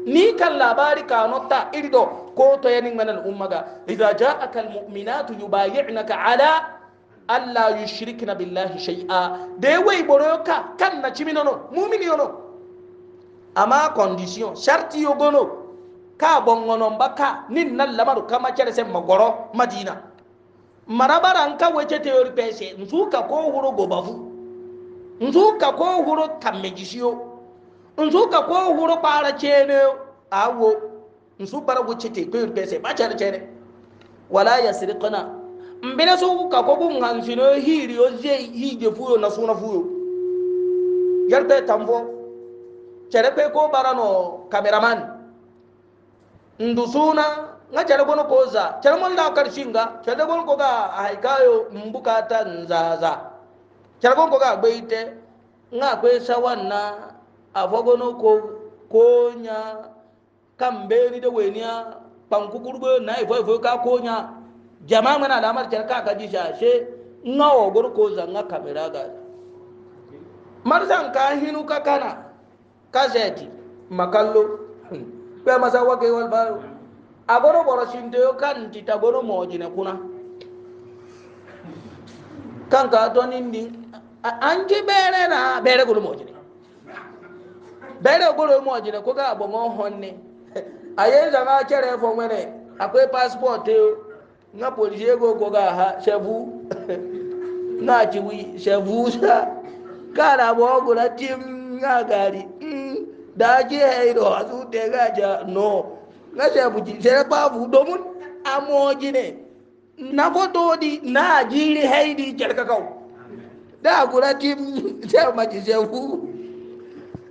ni kan labari ka notta irdo ko to yanin manan ummaga idza ja'aka almu'minatu yubayyi'naka ala alla yushrikna billahi shay'a de wayboro ka kan na chiminono mu'mini yono ama condition sharti yogono ka bongono mbaka nin nan lamaru kama chere sem magoro madina marabara nka wece teori pese nzuka ko huro gobafu nzuka ko huro tammejisiyo nzuka ko huro para chene awo nsu bara go chete teori pese ba chene wala yasriqna mbele so ka ko hiri hije fuyo na suna fuyo nga chara gono koza chara mon da karshinga chara koga haikayo mbukata nzaza chara gono koga gbeite nga kwesa wanna avogono ko konya kambeni de wenia pankukurgo na ifo ifo ka konya jama'a mana da mar chara she nga wo gono koza nga kamera ga marzan ka hinu ka kana kazeti makallo kwa masawake wal aboro boro sinteyo kan tita bono mojine kuna kan ka tonindi anji bere na bere gulu mojine bere gulu mojine ko ga bongo honne aye zanga chere fo mene akwe passport nga polisi ego ko ga ha chevu na chiwi chevu sa kala bo gura tim nga gari mm, da je hero azu te ga ja no ngasha bucicere babu domin amoji ne na foto di na jiri haidi kyarkakau da gura tim sai maji shehu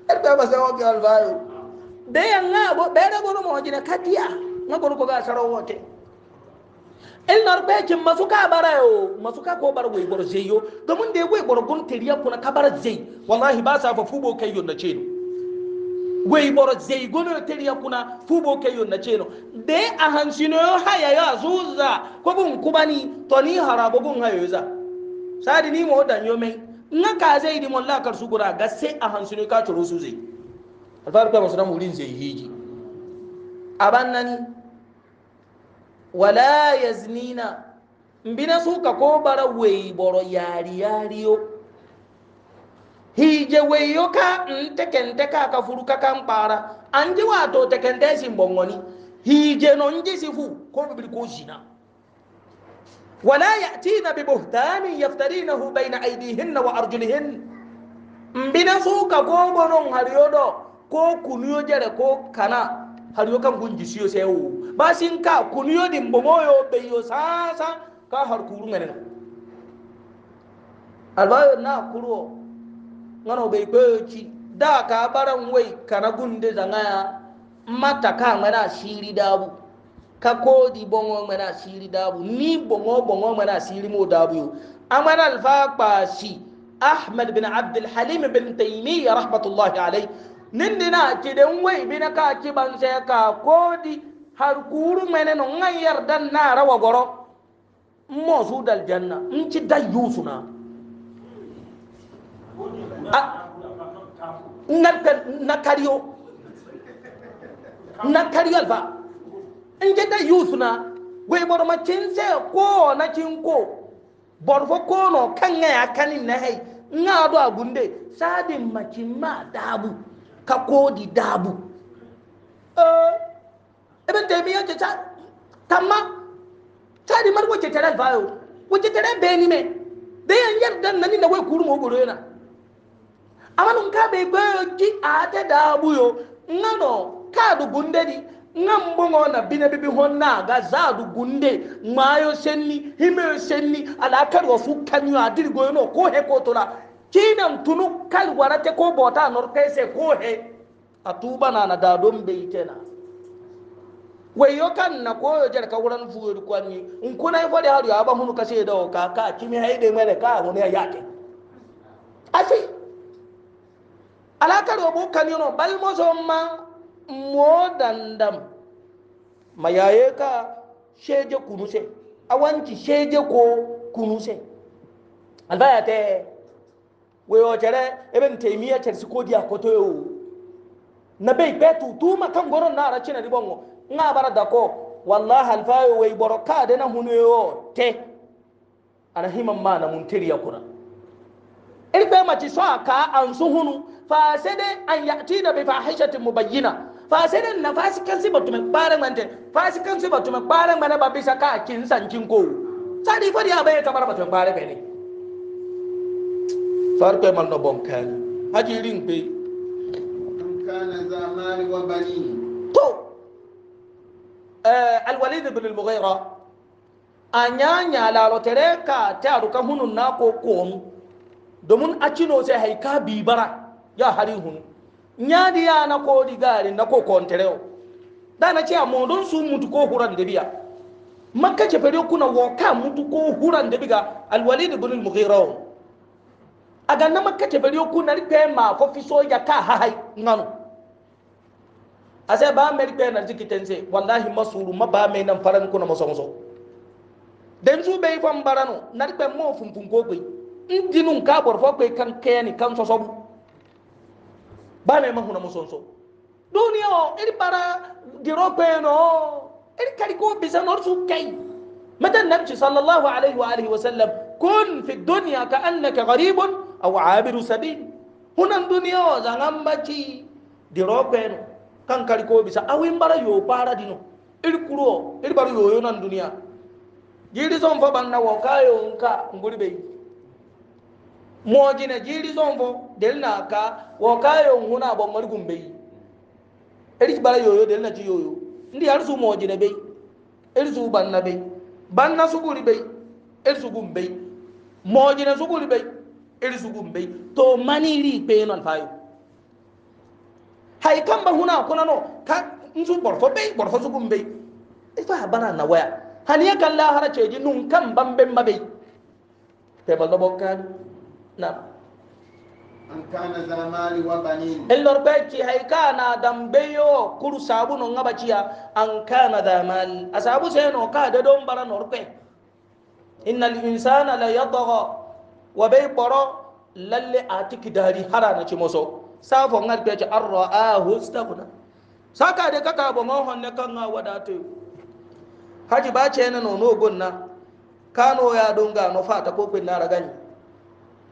ɗarfe ba sai wakil albayo da yanga bo bere guru mo jina katiya na guru ko ga saro wote il nar be kin masuka barayo masuka ko bar goy gor zeyo domin da goy gor gun tiriya kuna kabar zey wallahi ba sa fa fubo kai yonna ce ni gwei boro zai gono teri ya kuna fubo ke yo na cheno de a hansino yo haya yo azuza ko bun kubani to ni harabo gun hayo za sadi ni mo dan yo mai na ka zai di mon kar su ga sai a ka toro su alfar ka musulman wurin zai hiji abannan wala yaznina mbina suka ko bara wei boro yari yari yo hije weyoka ntekente mm, kaka furuka kampara anje wato tekente simbongoni hije no nje sifu ko bibili ko jina wala yatina bi buhtanin yaftarinahu baina aydihin wa arjulihin mbina fuka ko bonon hariyodo ko kuniyo jere ko kana hariyo kan gunji siyo sewu basin ka kuniyo dimbomoyo beyo sasa ka har kuru ngene albayo na kuruo ngano bai koyoci da ka baran wai kana gunde zangaya mata ka ngana shiri dabu ka kodi bongo ngana shiri dabu ni bongo bongo mana shiri mo dabu yo amana alfa qasi ahmad bin abd alhalim bin taymiyyah rahmatullahi alayhi nindina kiden wai bina ka kiban sai ka kodi har kuru mene no ngan yardan na rawa goro mo su dal janna in ci dayusuna Ah, na kariyo na kariyo alfa in jeta yusu na gwai boro ma cin se ko na cin ko boro fo ko no kan ya kanin na hai nga do agunde sadin macin ma dabu ka kodi dabu eh ibn taymiya ce tamma sadi mar ko ce tare alfa yo ko ce tare beni me da yan yardan nan ni na wai kurmo goro yana amanu nke bụ igwe ji adedagbuyo nna nọ kaadụ bụ ndị dị nna mgbọnwọ na bi n'ebibi hụ nna aga zaadụ bụ ndị mmayo senni himero senni alakari ofu kanyo adịrịgo nọ ko he ko tora kina tunu kali warate ko bota nor kaise ko he atuba na na dadon be itena wayo kan na koyo jar ka wuran fuwar kwanni in kuna yi fadi haru ya ba hunu kashe da ka ka kimi haide mene ka hunu ya yake afi alakari obu kanino balmoso ma mo dandam mayaye ka sheje kunuse awanci sheje ko kunuse albaya te weyo cere ibn taymiya cer si kodi akoto yo na be be tu tu makan goron na aracina ribongo nga bara dako wallahi alfayo wey boro ka de na hunu yo te ana himan ma na muntiri yakura irbe mace so aka an suhunu fa sai dai an yati da bi fahishatin mubayyina fa sai dai na fasikan si batume baran mante fasikan si batume baran mana ba bisa ka kin san kin ko sadi fadi abai kamar batume bare bai ne farko mal no bonkan haji rin pe kana zamani wa bani to eh alwalid ibn al-mughira anya nya la lotere ka ta ruka hunun na ko ko domin a cino sai haika bibara ya hari hunu ya di na ko di na ko kontere da na ce amma don su mutu ko huran da biya makka ce fere kuna woka mutu ko huran da biga alwalid ibn al-mughira aga na makka ce fere kuna rike ma ko fiso ya ka hahai a sai ba meri rike na jikitense wallahi masuru ba mai nan faran kuna masonso den su bai fan barano na rike mo funfun ko gbe ndinun ka borfo kwe kan kayani kan sosobu bane ma huna musonso duniya o iri bara diro kweno iri kari ko bisa norsu kai matan nabci sallallahu alaihi wa alihi wa sallam kun fi dunya ka annaka gharibun aw abiru sabil hunan duniya o zangan baci diro kweno kan kari ko bisa awin bara yo para dino iri kuro iri bara yo yo nan duniya jiri son fa banna wo kayo nka nguri bai na jiri zonfo del na ka wo kayo nguna bo margum bei eri bara yoyo del na ci yoyo ndi har su mojina bei eri su banna bei banna su guri bei eri su gum bei mojina su guri eri su gum to mani ri pe non fayo hay kamba huna kuna no ka nsu borfo bei borfo su gum bei ifa bana na waya haniya kan la harace ji nun kan bambe mabe pe ballo bokkan nam elor be ci hay kana dambe yo kuru sabu no ngaba ciya an kana da mal asabu seno ka de don bara nor pe innal insana la yadgha wa bay boro lalle atiki dari harana ci moso safo ngal pe ci arraahu istaghna saka de kaka bo mo honne kan wadatu haji ba ce no no gonna kano ya dunga no fata ko pin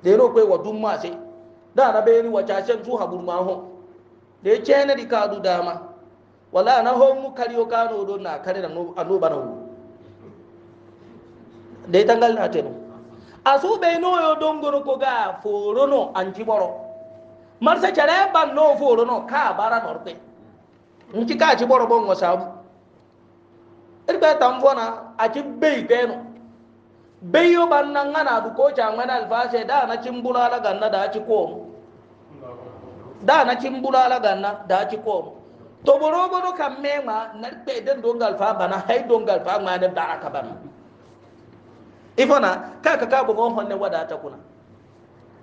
da yaro kai wadun ma sai da na bayani wata shan su habur ma da ya ce na di kadu dama wala na ho mu kariyo kano don na kare da annoba na hu da ya tangal na tenu a su bai noyo don guru ko ga forono an ji boro marsa kare ban no forono ka bara norte in ki ka ci boro bon wasabu irbe tamfona a ki bai tenu beyo bannan ngana du ko ca ngana alfashe da na cimbula la ganna da ci ko da na cimbula la ganna da ci ko to boro boro kan mema na be den dongal fa bana hay dongal fa ngana da aka ban ifona ka ka ka bugo honne wada ta kuna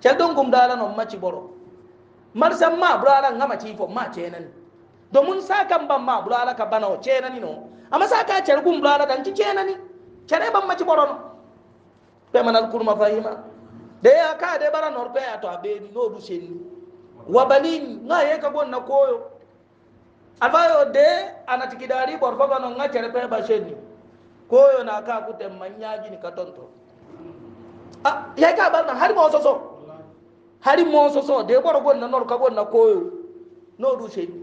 ce don gum dala non maci boro mar san ma burala ngama ci fo ma cenan domin sa kan ban ma burala ka bana o cenani no amma sa ka cer gum burala dan ci cenani cere ban maci boro no pe manal kurma fahima de ya ka de bara nor pe ato abeni no du seni wabalin nga ye ka bonna koyo alfayo de anatikidari borfo kono nga chere pe ba seni koyo na ka ku tem manyaji ni katonto ah ye ka bal na hari mo soso hari mo soso de nor ka gonna koyo no du seni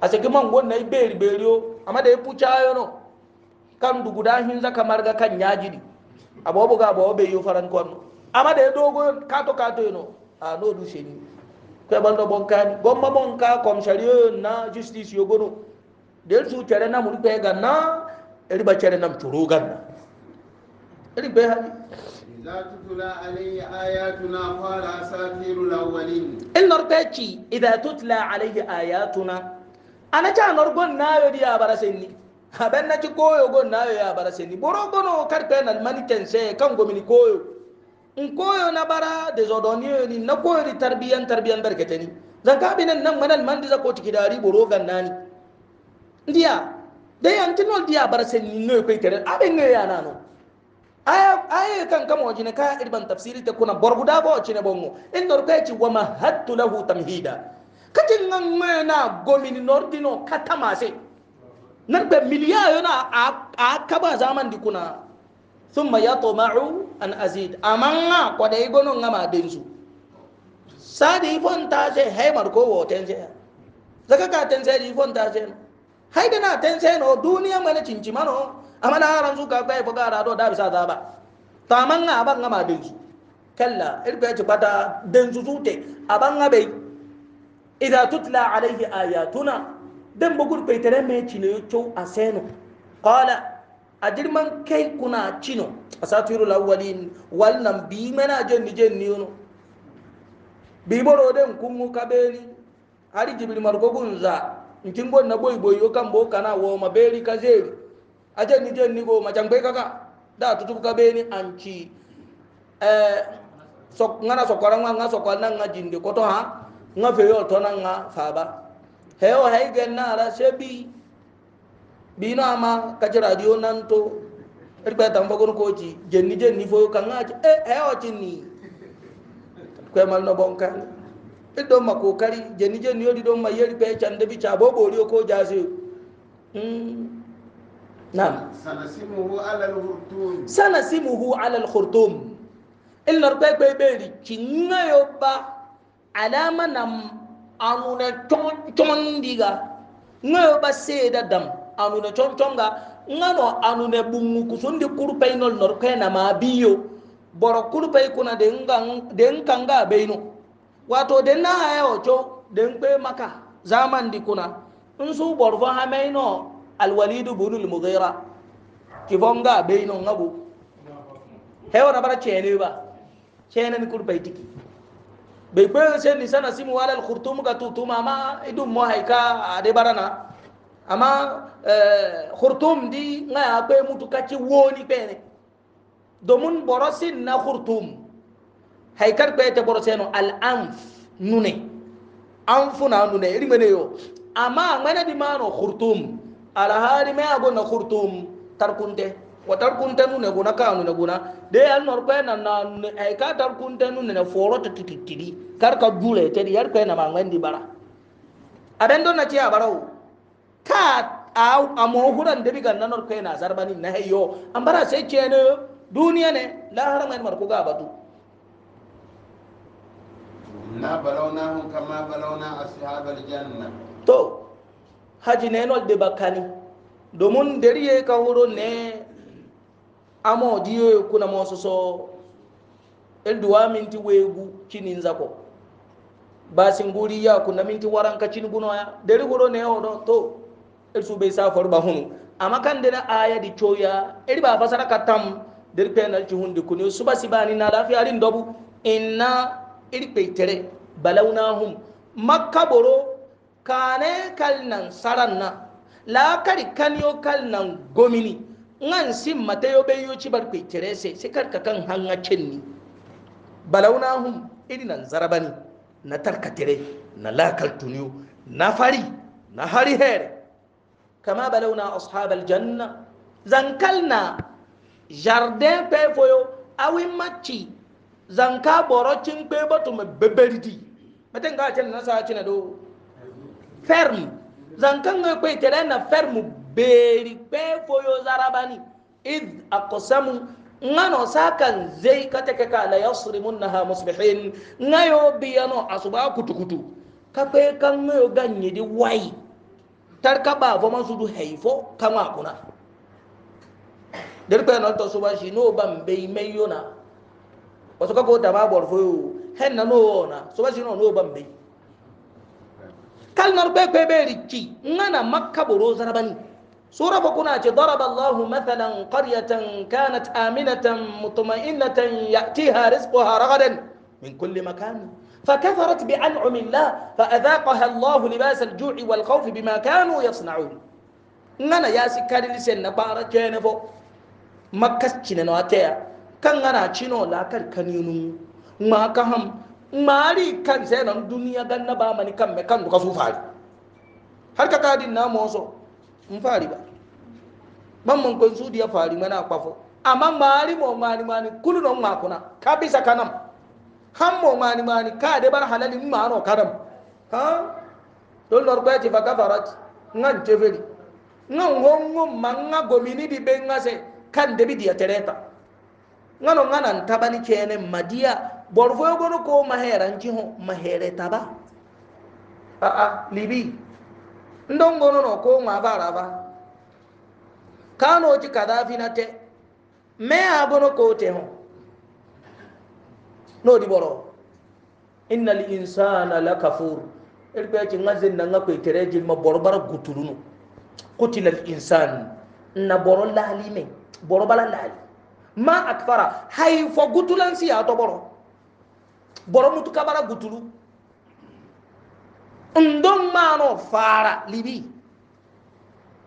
asege man gonna amade pucha yo no kan duguda hinza kamarga kan abo boga abo be yo faran kon ama de dogo kato kato no a no du sheni ko ban do bon kan gomma bon ka kom shariyo na justice yo gono del su tere na mun pe ga na eri ba tere nam turu ga na eri be hali idza tutla alayhi ayatuna qala asatirul awwalin in nortachi idza tutla alayhi ayatuna ana cha norgon na yo di abara senni haben na ci koyo gon na ya bara seni boro gono karpe na mani tense kan gomini koyo in koyo na bara de zodoni ni na koyo di tarbiyan tarbiyan barkatani zanka binan nan manan mandi za ko tiki dari boro gan nani ndiya de antinol dia bara seni no ko itere abe ne ya nano aya aya kan kama wajine ka irban tafsiri ta kuna ba bo cine bongo in dor ko ci wama hattu lahu tamhida katin nan na gomini nordino katamase narbe miliya yana a kaba zaman dikuna thumma yatma'u an azid amanga ko dai gonon ngama denzu sadi fon ta je haimar ko woten je zaka ka ten sai di fon ta je haida na ten sai no duniya mana cincima no amana haran su ka kai buga ra do da bisa za ba to amanga ban ngama denzu kalla irbe ji bata denzu zute abanga bai idza tutla alaihi ayatuna den bogur peitere me chino yo chow aseno qala ajirman kai kuna chino asatiru lawalin walnan bi mena jenni jenni yono bi boro den kungu kabeni hari jibril margogunza ntingon na boy boy yo kambo kana wo mabeli kazeri ajenni jenni go majangbe kaka da tutubu kabeni anchi eh sok ngana sokoranga nga sokoranga jinde koto ha nga feyo tona nga faba hewa haigen nara shebi bina ama, kaci radio nanto, to irbe er tan bagon koji jenni jenni fo kan ngaci eh, e hewa cinni ko mal no bon kan iddo ma kokari jenni jenni yodi don ma yeri pe cande bi cha bobo rio ko jase mm nam sanasimuhu ala alkhurtum sanasimuhu ala alkhurtum ilnar pe pe beri cinna yo ba alama nam anuna tondiga ngayo ba seda dam anuna tontonga ngano anune bungu kusundi kurpay nol nor kena ma biyo boro kurpay kuna denga denkanga beino wato den na hayo cho den pe maka zaman di kuna nsu borfo hamaino alwalid ibn al-mughira kibonga beino ngabu hewa na bara chene ba chene ni kurpay tiki bai kwayo sai lisana simu walal khurtum ka tutuma amma idun mo haika ade barana amma eh, khurtum di nga ya kwayo mutu kaci woni pene domun borosin na khurtum haikar kwayo ta boroseno al'amf nune amfuna nune iri mene yo amma ngana di mano khurtum alhari mai agon na khurtum tarkunte watar kuntenu ne guna kanu ne guna de al nor pe na na ay eh, ka tar kuntenu ne foro to tititidi kar ka dure te yar pe na mangan di bara adan don na ci abarau ka a amo huran de bigan na nor pe na zarbani na heyo ambara sai ce ne duniya ne la haram en mar ko ga batu na balawnahum kama balawna ashabal janna to haji ne nol de bakani domin dariye ka huro ne amo diyo kuna mo soso el duwa minti wegu kinin zako basin guri ya kuna minti waran ka cin guno ya deri goro ne o to el su bai safar ba hunu amma kan na aya di choya eri ba fasara ka tam deri penal ci hundi kunu suba sibani na lafiya rin dobu inna iri peitere balawnahum makka boro kane kal nan saranna la kari kanyo kal nan gomini ngan sim mate yo be yo cibar ku kirese sikar ka kan hanga cinni balawnahum idinan zarabani na tarkatire na lakal tuniyu na fari na hari here kama balawna ashabal janna zankalna jardin pe foyo awi machi zanka boro cin pe batu me beberidi meten ga tel na sa cin do ferm. zankan ga pe tere na ferm beri pe foyo zarabani id aqsamu ngano sakan zai kateke ka la yasrimunnaha musbihin ngayo biyano asuba kutukutu kakwe kan ngayo ganye di wai tarka ba fo man sudu haifo kama kuna dirpe non to suba shi no ban bei meyona wasu kako da ma bor foyo hen na no ona suba shi no no ban bei kalnar pepe be rikki ngana makka boro zarabani سورة بقنا ضرب الله مثلا قرية كانت آمنة مطمئنة يأتيها رزقها رغدا من كل مكان فكفرت بأنعم الله فأذاقها الله لباس الجوع والخوف بما كانوا يصنعون نانا يا سكاري لسن بارا كينفو مكس چنن واتيا كان نانا چنو لا كار كنينو ما كهم مالي كان سينا دنيا غنبا مني كم مكان دكا سوفاري هل كاكادي ناموسو in fari ba man man su diya fari mana kwafo amma mari mo mani mani kulu non ma kuna ka bisa kanam han mo mani mani ka de bar halali ma no kadam ha don lor ba ti fa kafarat ngan teveli ngan wongo manga gomini di benga se kan debi diya tereta ngano ngana ntabani kene madia borfo yogono ko mahera njiho mahere taba a a libi ndon gono no ko ma bara ba kano ci kadafi na te me abono ko te ho no di boro innal insana lakafur irbe ci ngazin na ngakwe tereji ma borbar gutulunu qutila al insan na boro lali me boro bala lali ma akfara hay fo gutulan si ato boro boro mutu kabara gutulu um don mano fara libi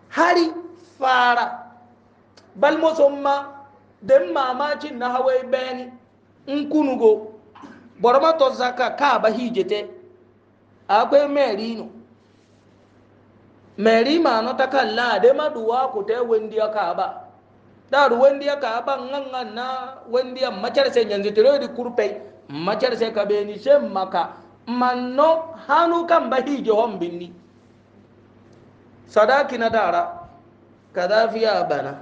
hari fara bal mosomma den mamaci nahawai beni n kunugo borma tozaka kaba hijete akwe merino meri mano takalla de maduwa kute wendiya kaba da ruwandiya kaba ngangan na wendiya macarse yanzu tiroidi kurpe macarse kabeni shen maka manno hanu kan ba hijo hon binni sadaki na dara kadhafi ya bana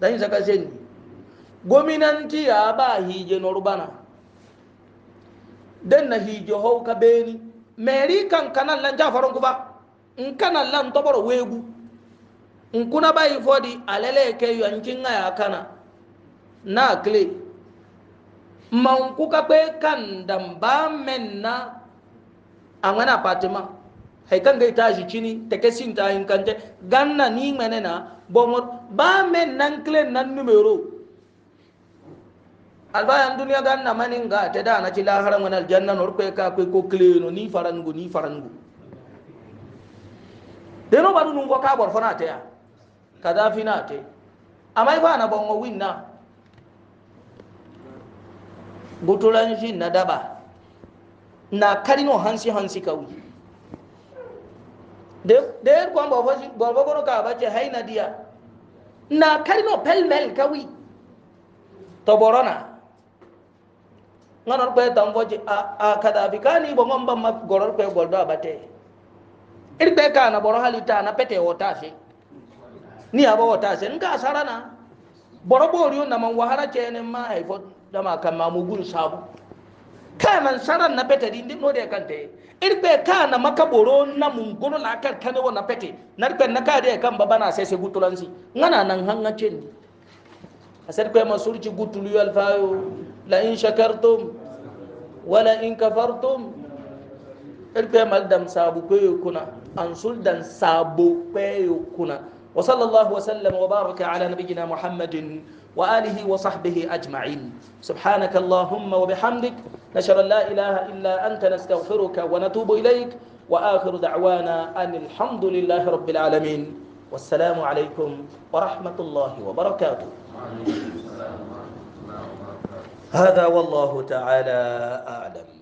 dan saka sen gominanti ya ba hije norbana den na hijo ho ka beni meri kan kanan lan jafaron ku ba in kanan lan toboro wegu in kuna bayi fodi alele ke yankin ya kana na clay manku ka kwe kan damba men na a wani apartment haikan ga ita shi cini ta kasi ta hinkanta ganna ni mene bomor ba men nan clean nan numero albayan duniya ganna manin ga ta da na ci laharan wani aljanna nor kwe ka kwe ko clean ni farangu ni farangu deno ba dunu ko ka bor fana ta ya kadafi na ta amma ba na bongo win guturan shi na daba na karino hansi hansi kawai da yar kwan barbagono ka bace haina diya na karino pelmel kawai ta borona nganar kwe ta mboji a kada bi kani bo ngomba ma goror kwe goldo abate irbe ka na boro halita na pete wota shi ni abo wota shi nka sarana boro boriyo na man wahara chene ma haifot dama kan ma mugun sabu kana saran na pete di ndin node kante irbe kana makaboro na mungono na kan kane wona pete narbe na kade kan babana sai sai gutulansi ngana nan hanga cendi asar ko ma surci gutulu yal fayo la in shakartum wala in kafartum irbe mal dam sabu ko kuna an suldan sabu ko kuna wa sallallahu wa sallam wa baraka ala nabiyyina muhammadin وآله وصحبه أجمعين سبحانك اللهم وبحمدك نشر لا إله إلا أنت نستغفرك ونتوب إليك وآخر دعوانا أن الحمد لله رب العالمين والسلام عليكم ورحمة الله وبركاته هذا والله تعالى أعلم